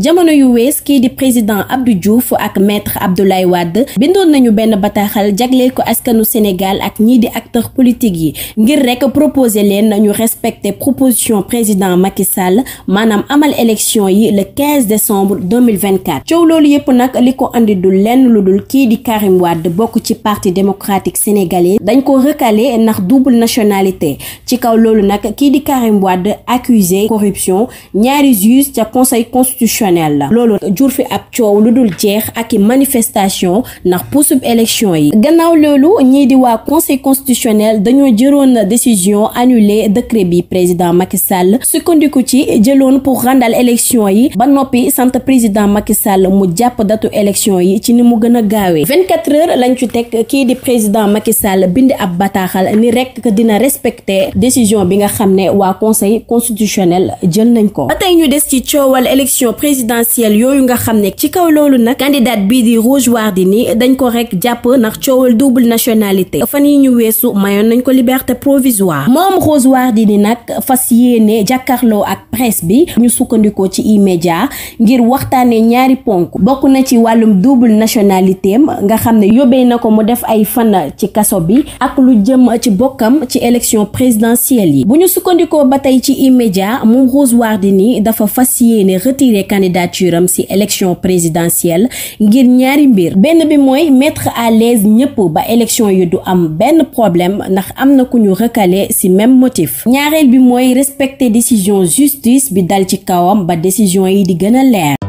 jamono yu wees kii di président Abdou Diouf ak maître Abdoulaye wadd bindoon nañu benn bataaxal jagleel ko askanu Sénégal ak ñii di acteur politiques yi ngir rek proposer leen nañu respecter proposition président Macky Sall maanaam amal élection yi le 15 décembre 2024 coow loolu yépp nag li ko indi du lenn lu dul kii di Karim Wade bokk ci parti démocratique sénégalais dañ ko recalé ndax double nationalité ci kaw loolu nag kii di Karim Wade accusé corruption ñaari juge ca conseil exceptionnel la loolu jur fi ab coow lu dul jeex ak i manifestation ndax puusub élection yi gannaaw loolu ñii di waa conseil constitutionnel dañoo jëroon décision annuler décret bi président Macky Sall sukkandiku ci jëloon pour randal élection yi ba noppi sant président Macky Sall mu jàpp datu élection yi ci ni mu gën a gaawee 24 heures lañ ci teg kii di président Macky Sall bind ab bataaxal ni rek dina respecter décision bi nga xam ne waa conseil constitutionnel jël nañ ko présidentielle yooyu nga xam ne ci kaw loolu nag candidate bii di Rose Wardini dañ ko rek jàpp ndax coowal double nationalité fan yi ñu weesu mayoon nañ ko liberté provisoire moom Rose Wardini nag fas yéene jàkkaarloo ak presse bi ñu sukkandikoo ci e ngir waxtaanee ñaari ponk bokk na ci wàllum double nationalité nga xam ne yóbbee na ko mu def ay fan ci kaso bi ak lu ci bokkam ci élection présidentielle yi bu ñu sukkandikoo ba tey ci E-Media moom Rose Wardini dafa fas yéene retirer candidat candidature am ci élection présidentielle ngir ñaari mbir benn bi mooy mettre à l'aise ñëpp ba élection yi du am benn problème ndax am na ku ñu recalé ci même motif ñaareel bi mooy respecter décision justice bi dal ci kawam ba décision yi di gën a leer